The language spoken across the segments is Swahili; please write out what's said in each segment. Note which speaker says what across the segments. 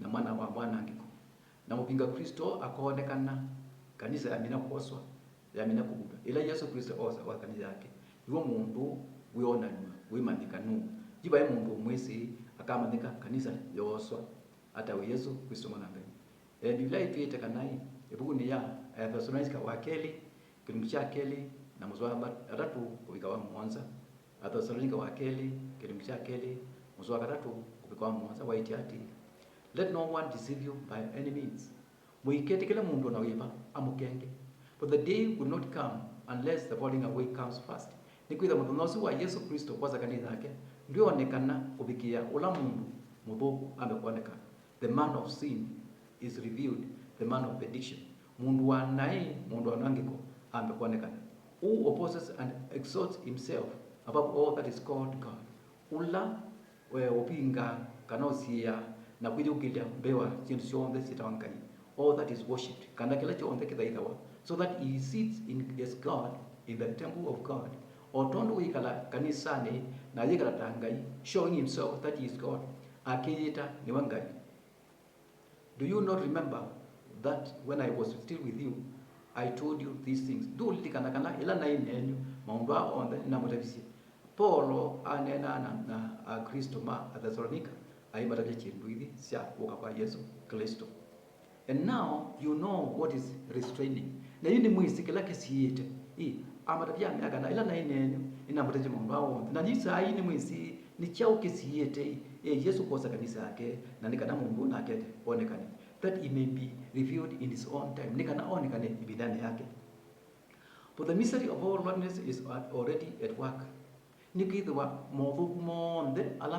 Speaker 1: na mwana wa Bwana mwanangiko na mupinga Kristo akoonekana kanisa yamina kukoswa yamina kubuda ila Yesu Kristo osa wa kanisa yake iwo mundu nu jiba ye mundu mwisi akamanyika kanisa yoswa ata we Yesu Kristo mwana mwanambe e eh, Biblia itwite kanai ebuku ni ya Thessalonica eh, wa keli kilimu kya keli na muzwa atatu kubika wa mwanza Athessalonica wa keli kilimu kya keli muzwa atatu kubika wa mwanza waiti ati Let no one deceive you by any means. But the day will not come unless the falling away comes first. Nikwitha muthonosi wa Yesu Kristo kwaza kanitha ake ndio onekana kubikia ula mundu muthuku amekuoneka. The man of sin is revealed, the man of addiction. Mundu wa nai, mundu wa nangiko amekuonekana. Who opposes and exalts himself above all that is called God. Ula we upinga kanosia na kuja kwili ukilambewa chintu chionthe chitawangai all that is worshipped kana kila chionthe kithaithawa so that he sits in his God in the temple of God otondu wikala kanisani na yikala tangai showing himself that he is God akiyita ni wangai do you not remember that when I was still with you I told you these things du litikana kana ila na inenyu maundu a onthe na mutavisie Paulo anena na, na, Kristo ma Thessalonica ayibatanye kintu ibi syakuoka kwa yesu kristo and now you know what is restraining nayo ni mwisike lake siyite i amatavya myakana ila nayi nenyo inamuteje mundu awonthe na nisayi ni mwisi nikyau kisiyite e yesu kosa kanisa yake na nikana mundu nake onekane that it may be revealed in his own time nikana onekane ibidani yake for the mystery of all lordness is already at work nikithwa mothuku monthe ala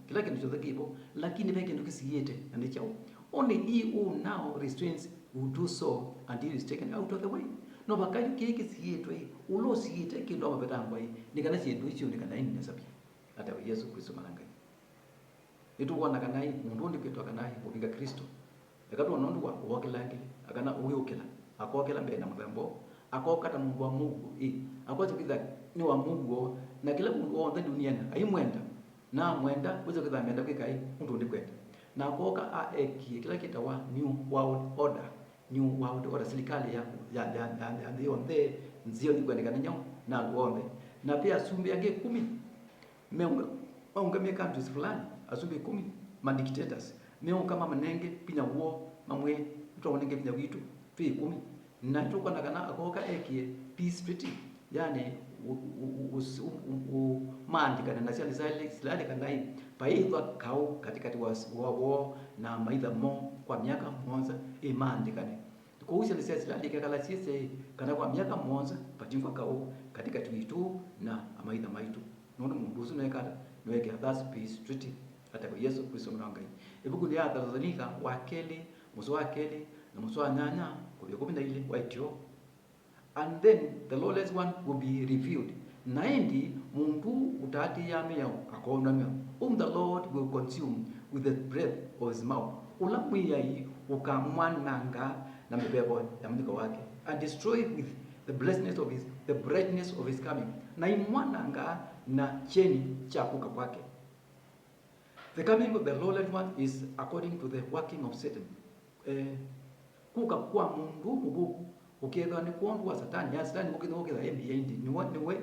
Speaker 1: kila kinachotaka kipo, lakini peke ndio kisiyete and it's all only he who now restrains will do so until is taken out of the way no bakayo kile kisiyetwe ulo siyete kindo mabetangwa yi nikana chindu ni kana ina sabya ata Yesu Kristo malanga ituwana kana yi mundu ndi kwitwa kana yi mukinga Kristo akatwa nondu wa wokilangi akana uyukila akokela mbere na muthambo akokata mungu wa Mungu i akwatibitha ni wa Mungu na kila mungu mundu dunia na aimwenda na mwenda kuza kuza kuthamenda kwikai undu ndi kwete na koka a eki kila kita wa new world order new world order serikali ya ya ya ya ya ndio nde nzio ni kwendekana nyao na ngombe na pia sumbi yake 10 meunga waunga me countries fulani asumbi 10 ma dictators meunga kama manenge pina wo mamwe mtu tuonenge pina witu tu 10 na tukona kana akoka eki peace treaty yani umandika nasialisalika nai paitha kau katikati wawo na maitha mo kwa myaka monza imandikane kuusia lisia silalika kala sise kana kwa miaka mwanza pachingwa kau katika tuitu na maitha maitu nondo munduzu nekala nweke athas peace treaty hata kwa Yesu Kristo mwangai ibuku lya Tanzania wakeli muzo wakeli na muzo anyanya kwa 11 waitio and then the lawless one will be revealed. naindi Muntu utati yami yao akona myo whom the Lord will consume with the breath of his mouth ulamwiyai ukamwananga na mibebo ya mdiko wake and destroy with the blessedness of his the brightness of his coming na imwananga na cheni cha kuka kwake the coming of the lowland one is according to the working of Satan eh, kuka kwa mundu mubuku ukethwa nä kuongwa satani ya yaani satani ukethwa ukethwa ye ni wa niwe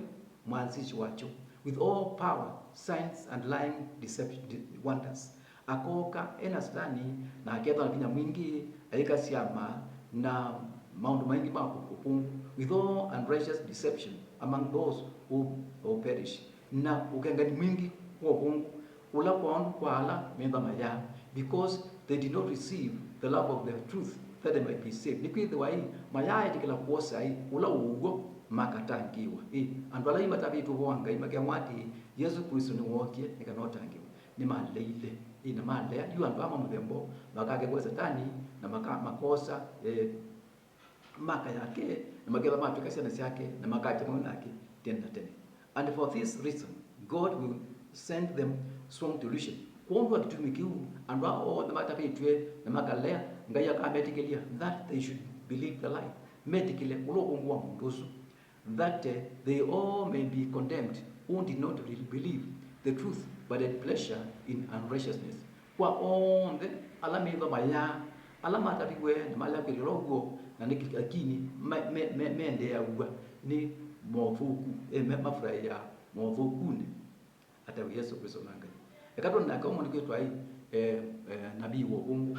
Speaker 1: mwanzishi wacho with all power signs and lying deception wonders akoka ena satani na akethwa na vinya mwingi aika siama na maundu maingi ma upungu with all unrighteous deception among those who, who perish na ukengani mwingi wa upungu ula kwa kwa kwala methama maya because they did not receive the love of the truth might fedha IPC nikwithä wa i mayaa tikila kuosa i ũla ũw'o makatangiwa i andũ ala imatavitwe wa ngai makewatĩĩ yesu kristo nĩwookie nĩkana ũtangiwe nĩmaleile i na malea yu andũ ama mũthembo makakekwe satani na maka, makosa eh, maka yake na makeva matwika ciana syake na makaja mwe nake tene na tene and for this reason god will send them strong delusion kwondu atutumikiu andũ a othe matavitwe na makalea ngai akameetikilia that they should believe the lie meetikile ulokungua mundusu that they all may be condemned who did not really believe the truth but had pleasure in unrighteousness kwa onthe ala metho maya ala mataviwe na malakirira uguo na ni akini mendeagua ni mothuku mafurahia eh, mothukune atawe yesu kristo na ngai ekatondinakaomonikeetwai eh, eh, nabii wa ungu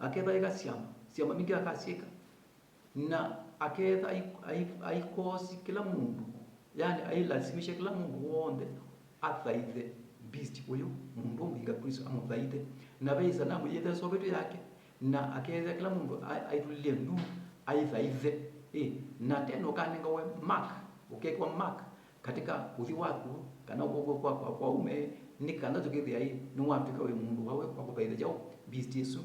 Speaker 1: aketha ikasiama siama mingi akasika na aketha aikosi kila mundu yani ailasimishe kila mundu wonde athaithe beast uyu mundu muiga kristo amuthaithe na vei sanamu yethe sobetu yake na aketha kila mundu aitulilie nu aithaithe e, na tena ukanenga we mark ukekwa mark katika uthi waku kana ugogo kwa kwa, kwa ume nikana tukithia ni watuka mundu wawe kwa kuthaitha jau beast yesu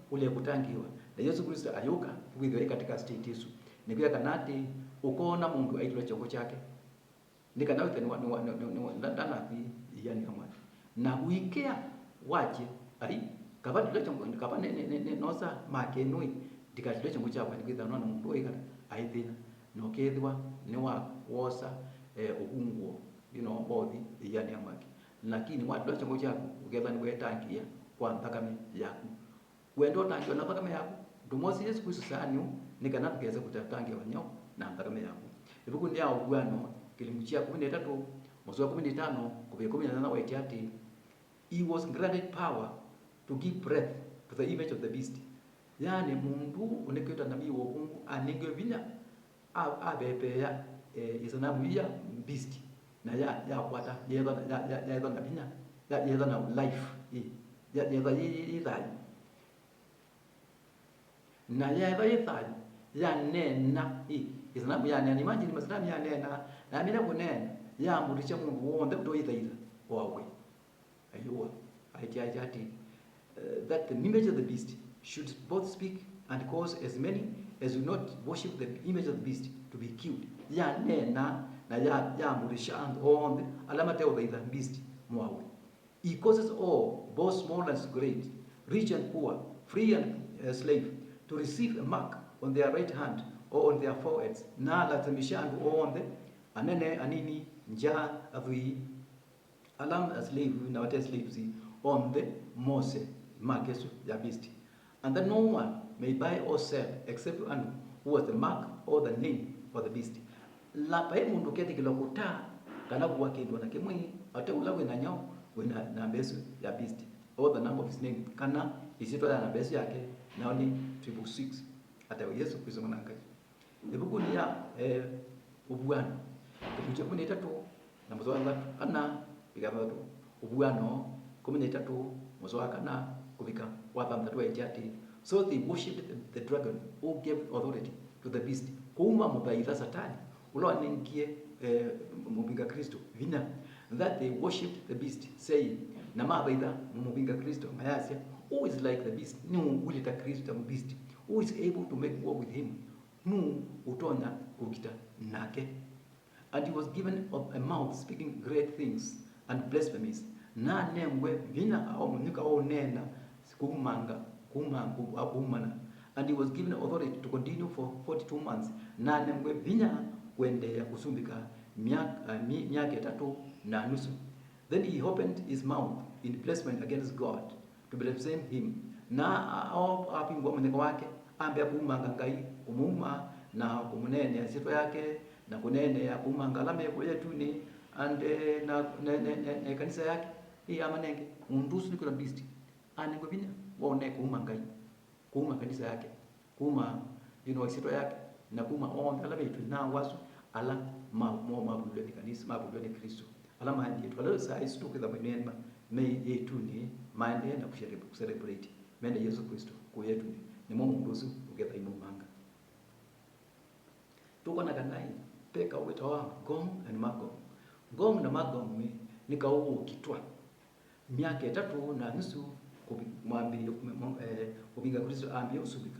Speaker 1: ule kutangiwa na Yesu Kristo ayuka kwithire katika state isu nikiwa kana ati ukona mungu aitwa chongo chake nikana wite ndanathi yani kama na uikea waje ari kabati ndire chongo kabane ne ne ne nosa makenui ndikatire chongo chakwe nikwithira no na mungu oigana aithina no kethwa ni wa wosa eh, uhunguo you know bothi yani amaki lakini wadwa chongo chako ugetha ni wetangia kwa thakame yako wendo na thakame yaku ndumosi yesu kuisu sanyu ni kana tukeze kutatangia wanyo na thakame yaku ibuku ni ya uguano kilimu kumi na wa kumi na itano kumi na waiti ati he was granted power to give breath to the image of the beast yani mundu unekwita nabii wa mungu aningwe vinya abepeya e, isanamu ya beast na ya ya kwata ya, ya, ya, ya, ya, ya, ya, ya, ya, life ya, ya, ya, ya, ya, ya, ya, na nayevayefanya yanena isanamu nena imagine masanamu yanena namira kunena yamburisha mungu wonde kutoyithaitha wawe ayuwa aitiajati uh, eh, that the image of the beast should both speak and cause as many as do not worship the image of the beast to be killed ya nena na ya ya wonde alama teo alamateuvaitha beast mwawe he causes all both small and great rich and poor free and uh, slave to receive a mark on their right hand or on their foreheads, na latamishanu or on the anene anini nja athui alam aslevu na wate slaves on the mose markesu ya beast and that no one may buy or sell except anu who was the mark or the name for the beast la he mundu kete kila kuta kana kuwa kindu na kimwi ate ulawe na nyao wena na mbesu ya beast all the number of his name kana isitwala na base yake nao ni triple six ataba yesu kwizo munanga ya eh obwana kuja kumi na itatu na mwezi wa kana bigamba tu obwano kumi na tatu mwezi wa kana kubika wapa mtatu wa ijati so they worshipped the, the dragon who gave authority to the beast kuuma mubaitha satani ulo ulwanengie eh, mubinga kristo vina that they worshipped the beast saying na namabaidha mumubinga kristo amayasya who is like the beast nu ulita kristo mubeast who is able to make war with him nu utonda kukita nake and he was given of a mouth speaking great things and blasphemies na nanengwe vina au au nena kumanga kumanga akumana and he was given authority to continue for 42 months na nanengwe vinya kuendelea kusumbika miaka uh, mi, tatu na nusu Then he opened his mouth in placement against God to blaspheme him, na awapingwa mwenendo wake ambe akumanga ngai umuma na kumunenea sito yake na kunenea kumanga lame kuletuni ande na kanisa yake hii amanenge undusu niko bisti anengo bina waone kuuma ngai kuuma kanisa yake kuuma you know sito yake na kuuma ombe lame na wasu ala ma mo ma kanisa ma Kristo Wala maandiko leo saa hizi tuko kwa mwemba mei yetu eh, ni maende na kusherehekea kucelebrate mende Yesu Kristo kuyetu ni ni Mungu mbuzu ugetha imu manga tuko na kanai peka uweta wa gom and magom gom na magom ni kauo kitwa miaka tatu na nusu kumwambia kumwambia eh, Kristo ambie usubika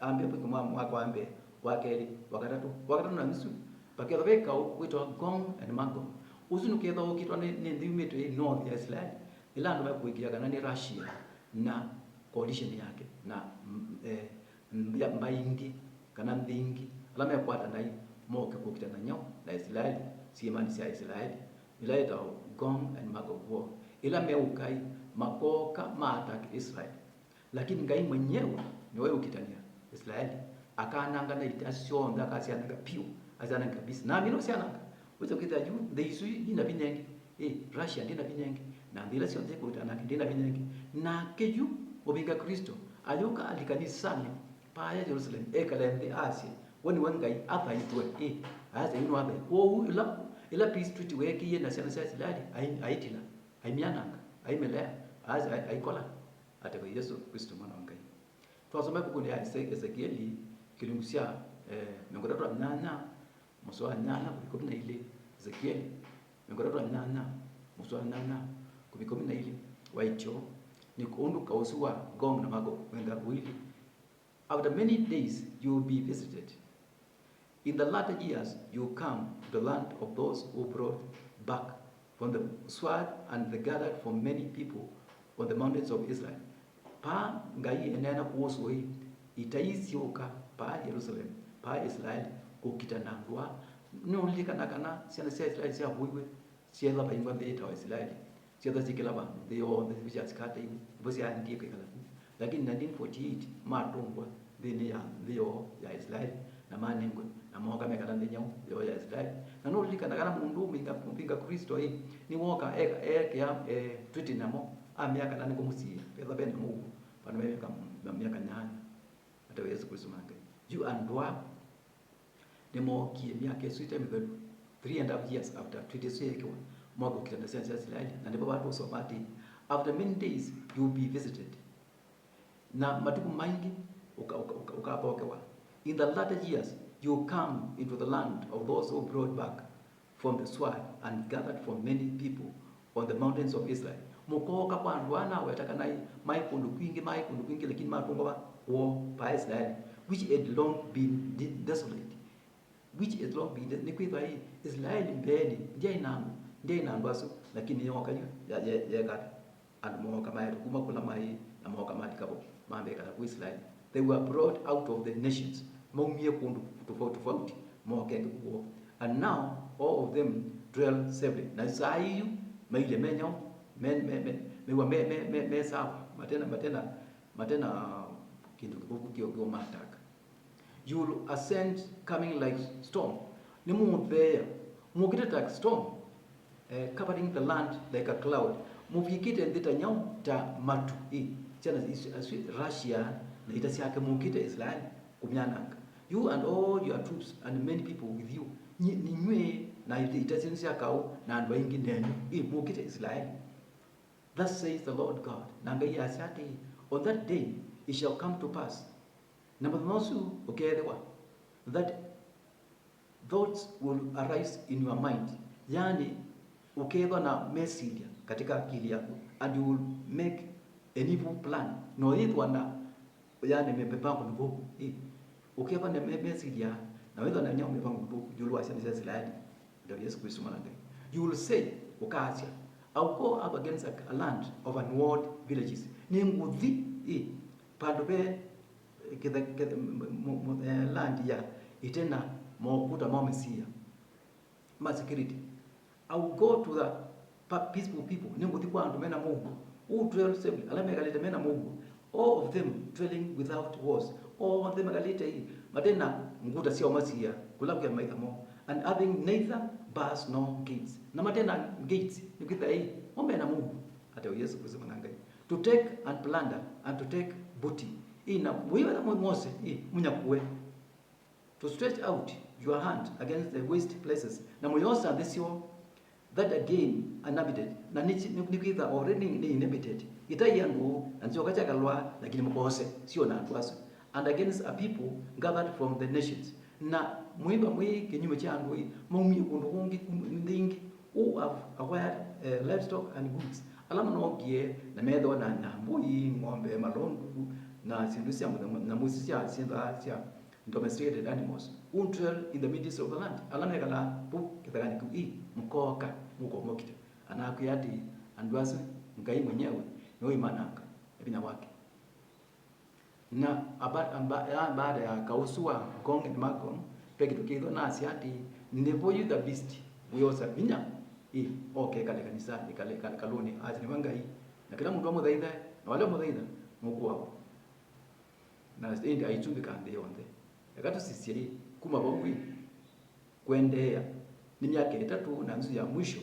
Speaker 1: ambie kwa mwaka ambe wakeri wakatatu wakatatu na nusu pakela peka weta wa gom and magom ucinuketha ukitwa ni thiumite i north ya Israel ila andu bakuingiaga kana ni Russia na coalition yake na eh, mba ingi kana thingi ala na hii moke kukita na nyao na Israel siemani siya Israel ila itao gong and magog war ila meukai makoka maatak Israel lakini ngai mwenyewe ni wewe ukitania Israeli akaananga na itasionthe akaciananga piu aciananga kabisa nami nociananga uza kita juu isui ina binenge eh Russia ndina binenge na ndila sio ndeko utana ndina binenge na keju obinga Kristo alioka alikanisani paya Jerusalem ekalende Asia woni wangai apa itwe eh asa ino abe wo ila ila peace treaty weki ye na sana sasa ladi aitila aimiananga aimelea asa aikola ataka Yesu Kristo mwana wa Ngai twasoma kukundi ya Ezekieli kilungu cia eh miongoni mwa mnana muso wa ntara kumi na ile Ezekieli miongo tatu wa nana muso nana kumi na ile waicho ni kuundu kausuwa gong na mago wenga wili. after many days you will be visited in the latter years you will come to the land of those who brought back from the sword and the gathered from many people on the mountains of Israel pa ngai enena kuhusu hii itaisyoka pa Jerusalem pa Israel, na ni kana la hokitanangua nonlekanaakana sena seisraeli seahuiwe sielava ingwa de waisraeli sietha sikilava nthi yonthe sivishatsikata iwe ivo siandiika ikalafu lakini 1948 de nthini ya de yoo ya israeli na ma ningwe na mo mooka mekala nthi nyau yo ya israeli na no nolilikanakana mundu kumpinga kristo i niwoka ekea e, eh, twiti na mo namo amiaka nani kumusia petha vene mu pano meveka miaka nyanya ataweza kulisomangai juu andwa Demokie myaka eswita emithe 3 and a half years after twiteswekwa mwaka and the ndipo bantu osoma atini after many days you will be visited na matuku maingi ukapokewa in the latter years you come into the land of those who brought back from the swine and gathered from many people on the mountains of Israel Moko Mike mukoka kwandu anawetakanayi maikundu kwingi maikundu kwingi lakini matungova wo paisraeli which had long been desolate kawaida ni kwamba hii Israeli mbeni ndiye inambo ndiye inambo asu lakini yoka yu ya ya ya almoka ma kuma kula mai na moka ma kabo mambe kana ku Israeli they were brought out of the nations maumie kundu tofauti tofauti moka ngi kuo and now all of them dwell safely na zaiyu maile menyo men men men mewa me me me me sa matena matena matena kindu kikukiyo mataka you will ascend coming like storm Nimove there. Mukite tak storm. Eh, covering the land like a cloud. Mukikite ndita nyau ta matu. I. Chana aswi uh, Russia na itasi yake mukite Israel kumyananga. You and all your troops and many people with you. Ni nywe na itasi nsi yakao na andu ingi ndenu. I mukite Israel. Thus says the Lord God. Na ya asiate on that day it shall come to pass. Namathanoosu ukeethiwa that thoughts will arise in your mind, yani ukiwa na message katika akili yako and you will make an evil plan no ithwa na yani mipango mibovu hii ukiwa na message na wewe na nyao mipango mibovu julu acha ni sasa slide ndio Yesu Kristo mwana gani you will say ukaacha au go up against a land of unwalled villages ni nguthi hii pandu be kitha land ya itena mwaokuta mwamesiya masecurity au go to the peaceful people ningo ti andu mena mungu dwell safely ala mekalite mena mungu all of them dwelling without wars all of them akalite hii matena nguta sio masiya kulakya maitha mo and having neither bars nor gates na matena gates nikitha hii ombe na mungu hata yesu kuzima mwanangai to take and plunder and to take booty ina mwiwe na mwose munyakuwe to stretch out your hand against the waste places na this year that again uninhabited na nikwitha already ni inhabited itaiya nguu na nsyoka kyakalwa lakini mkose sio na andu and against a people gathered from the nations na mwiva mwi kinyume kya andu ii maumie kundu kungi thingi who have acquired uh, livestock and goods ala manongie na methwa na mbui ng'ombe malondu na sindu sya muthamu na musi sya sinthaa sya domesticated animals until in the midst of the land alana kala pu kithagani ku i mkoka muko mokite anaku yati andwase ngai mwenyewe ni wewe manaka ebina wake na abad baada ya kausua gong and magong pekitukiithwa na ati nevo you the beast wiosa vinya i oke kale kanisa kale kale kaloni ati ni wangai na kila mtu amuthaitha na wale muthaitha mukuwa na ndi aichumbika ndi yonde yakatusisirie kuma bogwi kwendeea ni myaka itatu na nusu ya mwisho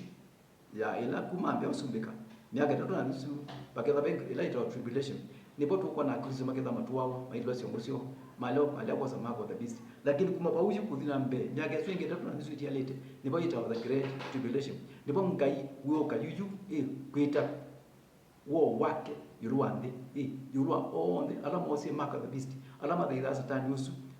Speaker 1: ya ila kumambia usumbika myaka itatu na nusu paketha bank ila ita tribulation nipo kwa na kristo maketha matuwawa mailwa siongosio malo maleo kwa samako the beast lakini kuma bauji kuthina mbe myaka yesu ingi itatu na nusu ya late nipo ita the great tribulation nipo ngai woka yuyu e kuita wo wake yurwa ndi eh yurwa onde alama osi maka the alama the ila satani usu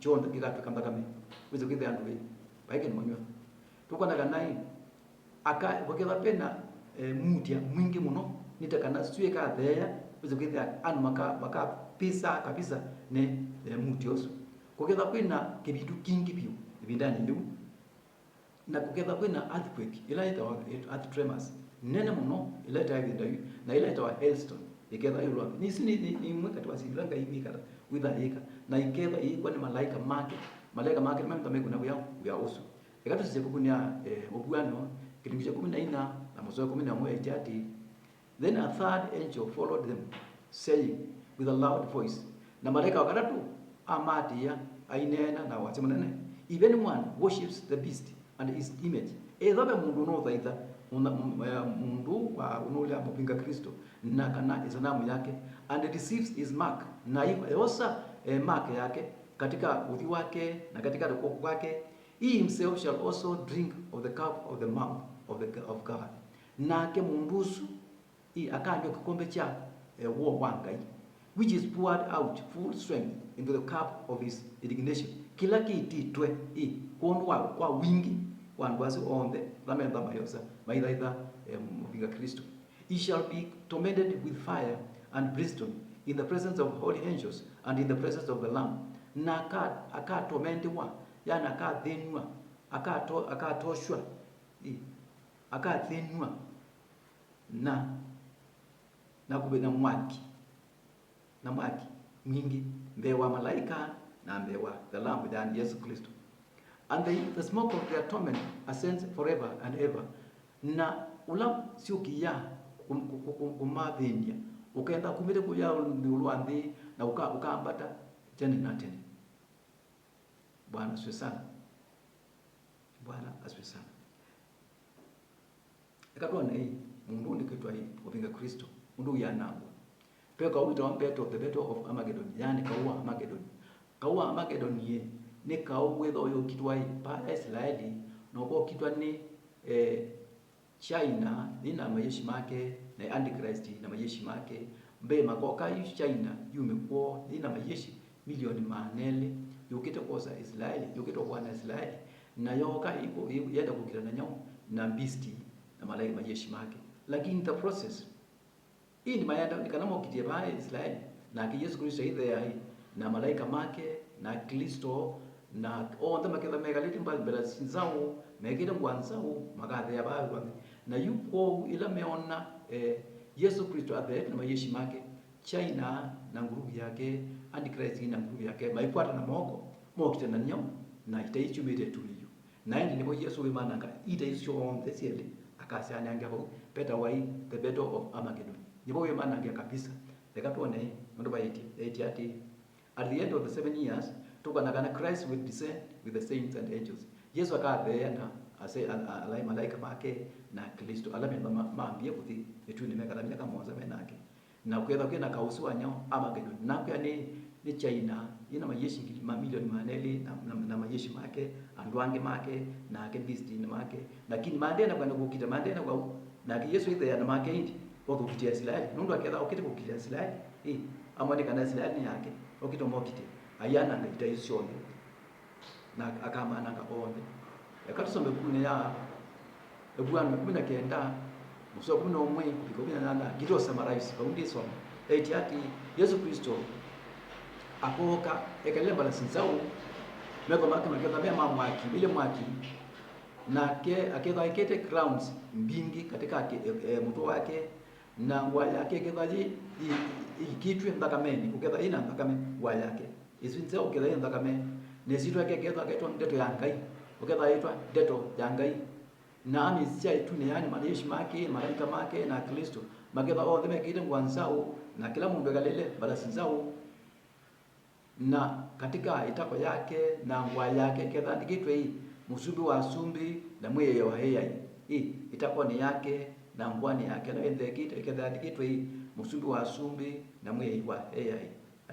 Speaker 1: chonde kikapika mbakame wizo kide andu vi baike ni tuko na kanai aka wakeva pena e, mutia mwingi muno nitakana sue ka theya wizo kide anu maka maka pisa kabisa ne e, muti osu kuketha kwina kibitu kingi piu ibindani ndu na kokeza kwina earthquake ila ita earth tremors nene muno ila ita itawa na ila itawa hailstone iketha yulwa nisi ni ni imwe kati wasirira ngai mikara witha ika na iketha ikwa ni malaika make malaika make mami tameko na buya buya usu ikatu sije kukunia eh, obuano kilingisha 14 na mzoe 11 ijati then a third angel followed them saying with a loud voice na malaika wakatatu amatia ainena na wasemana even one worships the beast and his image ethabe mundu no thaitha Eh, mundu waunule amupinga kristo na kana izanamu yake and deceives his mark na yosa eh, mark yake katika udhi wake na katika ukovu wake he himself shall also drink of the cup of the mouth of, the, of God nake mundusu akanywa kikombe cha eh, wo wa which is poured out full strength into the cup of his indignation kila kiititwe i kuondwa kwa wingi wandwazi onde vamenda mayoza maithaitha muvinga um, kristo he shall be tormented with fire and brimstone in the presence of holy angels and in the presence of the lamb na akatormentiwa yani akathinua akatoshwa akathinua na na kube na mwaki na mwaki mwingi mbee wa malaika na mbee wa the lamb yani Yesu Kristo and the, the smoke of their torment ascends forever and ever. Na ula siukiya kumathenia ukenda kumire kuya ulwanthi na ukambata tene na tene. Bwana asifiwe sana. Bwana asifiwe sana. Ikatwana hii mundu nikitwa hii kupinga Kristo mundu yanagwa twekaulitwa mpeto the battle of Armageddon yani kauwa Armageddon kauwa Armageddon yee nä kaå gwä tha å yå kitwa mpara israeli na å korwo kitwa nä eh, china ni na majeshi make na antichrist na majeshi make mbe makoka china yumekuwa ni na majeshi milioni manele yukite kosa israeli yukite kwana israeli na yoka iko yenda kugira na nyao na beast na malaika majeshi make lakini the process hii ni mayanda kana mokitie ba Israeli na ki Yesu Kristo ile ya na malaika make na Kristo na onda maketha megalite mbalibela sinzao megire ngwanzao ya abayo bame na yuko ila meona eh, Yesu Kristo athe na mayeshi make China na nguruvu yake antichrist na nguruvu yake maikwata na moko mokite na nyam na itaichumire tuliyo na ndi nibo Yesu wimananga ita isyo onde siele akasi anyange ho better way the battle of Armageddon nibo wimananga kabisa lekatone ndo bayiti eti ati at the end of the seven years tukanakana Christ will descend with the saints and angels. Yesu akaatheana ase alai malaika make na Kristo alamemba maambia kuthi ni etuni mekalamia kamonza menake na kwetha kwina kausu wanyo ama kendo na kwa ni ni China ina majeshi ngili mamilioni maneli na, na, na mayeshi make andu ange make na ake business make lakini maandena kwa nokukita maandena kwa na ke Yesu ya na make hindi kwa kukitia silali nundu aketha okite kukitia silali hii amwani kana ni yake kukitomokitia ayana ndaita isione nakamananga one yakatusombe kumi ya ebwana kumi na kenda musoa kumi na umwe kupika kumi na nana gitosemaraisi paundisoma eti ati yesu kristo akooka ekalile mbalasi nzawu meko make makekavea mamwaki na ke nake ikete crowns mbingi katika ke e, e, mtu wake na wale akekethali ikitwe meni kuketha ina meni wale yake icinse ukithai nthakame niciitwa kekethwa kaitwa ndeto ya ngai ukethwa aitwa ndeto ya ngai na ami itu ne yani maneshi make malaika make na kristo makethwa othe mekiite ngwa nzau na kila mundu galele mbalasi nzau na katika itako yake na ngwa yake ketha ndikitwe hii musubi wa sumbi na mwe ya waheya hii itako ni yake na ngwa ni yake na wenthekite ketha ndikitwe hii musubi wa sumbi na mwe ya waheya hii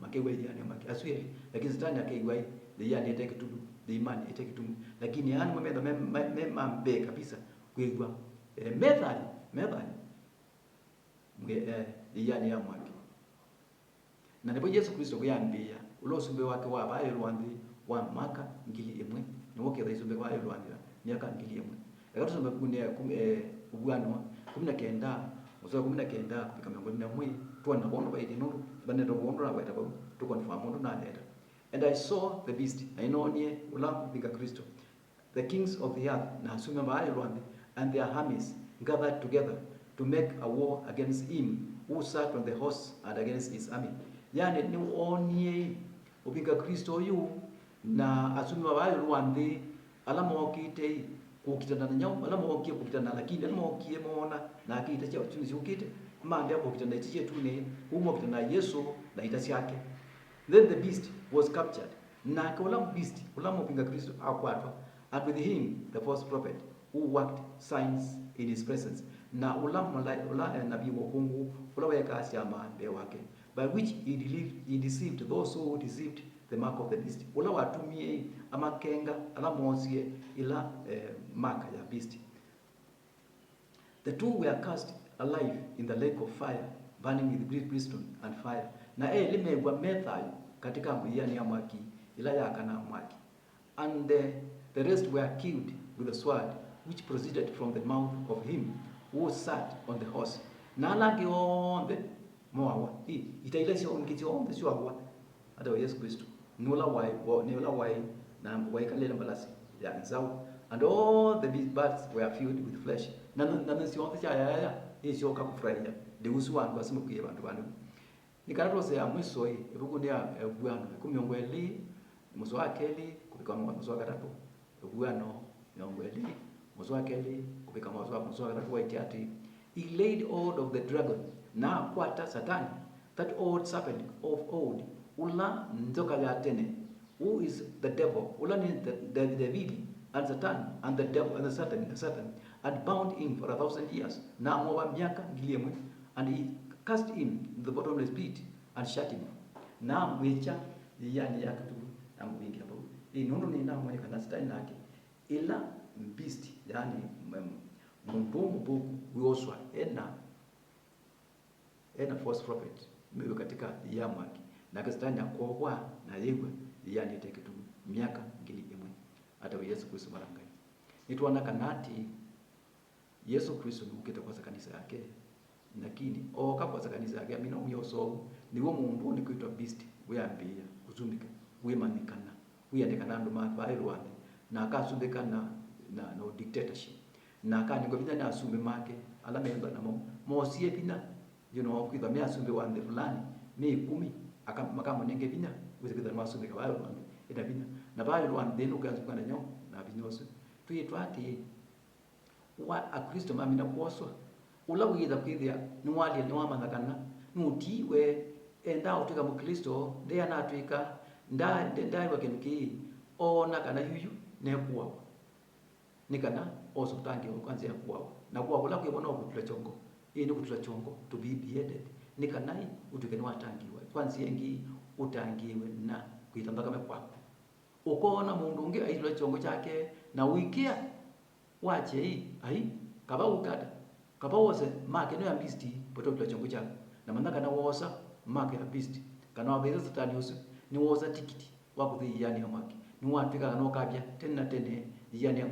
Speaker 1: makewe ya ni yani makaswiri lakini sitani akewa the ni eteke tu the imani eteke tu lakini yani mamedha mema mbe kabisa kwigwa e, eh, methali methali mge eh, ya ni ya mwake na ndipo Yesu Kristo kuyambia sumbe wake wa bayo rwandi wa maka ngili imwe ni woke thaizo be bayo rwandi miaka ngili imwe lakini tumekunia kumwe eh, ubwanwa 19 uzoa 19 kupika miongoni na mwili tuwan nabondo bayidi nulu bane dobondo na baita babu tukon famundu na neta and i saw the beast ainonie ulamu biga kristo the kings of the earth na hasume mahali lwambi and their armies gathered together to make a war against him who sat on the horse and against his army yani ni uonie ubinga kristo yu na asumi mahali lwambi alamokite kukitana na nyau alamokie kukitana lakini alamokie mona na akita chao chuni chukite mande apo kitanda ichi chetu ne humo kitanda Yesu na itasi yake then the beast was captured na kaula beast ulamo pinga Kristo akwatwa and with him the false prophet who worked signs in his presence na ulamo ula eh, nabii wa Mungu wa kasi ama mbe wake by which he deceived he deceived those who deceived the mark of the beast ula watumie ama kenga ala mozie ila eh, mark ya beast the two were cast alive in the lake of fire burning with great brimstone and fire na e eh, elimegwa methayo katika mwiani ya mwaki ila yakana mwaki and the, the rest were killed with the sword which proceeded from the mouth of him who sat on the horse na alangi onthe moawa ita ila ciongithi onthe ciagwa atao yesu kristo niula wai niula wai na waikalile mbalasi ya nzau and all the birds were filled with flesh na cionthe ciayaya nicoka kufurania ndigusu wandu basimukie bantu banu nikana rose ya mwiso i ivugu ya evuguano eh, ikumiongo eli muso wa keli kupika muso wa gatatu evuguano miongo eli muso wa keli kupika muso wa gatatu waiti ati he laid hold of the dragon na akwata satani that old serpent of old ula nzoka ya tene who is the devil ula ni the, the, the, the, and satan and the devil and the satan, the satan had bound him for a thousand years na amwoba miaka ngiliemwe and he cast him the bottomless pit and shut him na mwicha yani tu na mwingi hapo inundu ni na mwenye kana sitani nake ila beast yani mbumu buku uoswa ena ena false prophet mwe katika yamwaki na kasitani yakogwa na yewe yani tu miaka ngili imwe atawe Yesu Kristo marangai nitwana kanati Yesu Kristo ukete kwa kanisa yake lakini oka kwa kanisa yake amina umya ni niwo mundu ni kuitwa beast wiambiia kusumika wimanyikana wiandikana andu mapai rwande na akasumbika na na, no dictatorship na ni kwa na asume make ala memba namo mosie bina you know kwa kwitha asume wa ndo fulani kumi aka makamo me bina makamunenge kwa wisikitha masumbika vayo rwande ita bina na vayo rwande thinu ukianzukana nyo na vinya usu twitwa atii wa akristo mamina kuoswa ula witha kwithia niwalia niwamathagana nutiwe enda utwika mukristo ndia natwika ndaiwa kindu kii ona kana yuyu nekuawa ni kana oso tangi kwanza ya kuwa na kuwa kula kwibwa no gutula chongo ii ni gutula chongo to be beheaded ni kana utwike niwatangiiwe kwa kwanza ingi utangiwe na kwita thakame kwaku ukona mundu ungi aitula chongo chake na wikia wache hii ai kaba ukata kaba wose make no ya bisti poto kwa chongo cha na manda kana wosa make ya bisti kana wabeza satani usu ni wosa tikiti wakuthi yani ya mwaki ni wafika kana okabya tena tene yani ya mwaki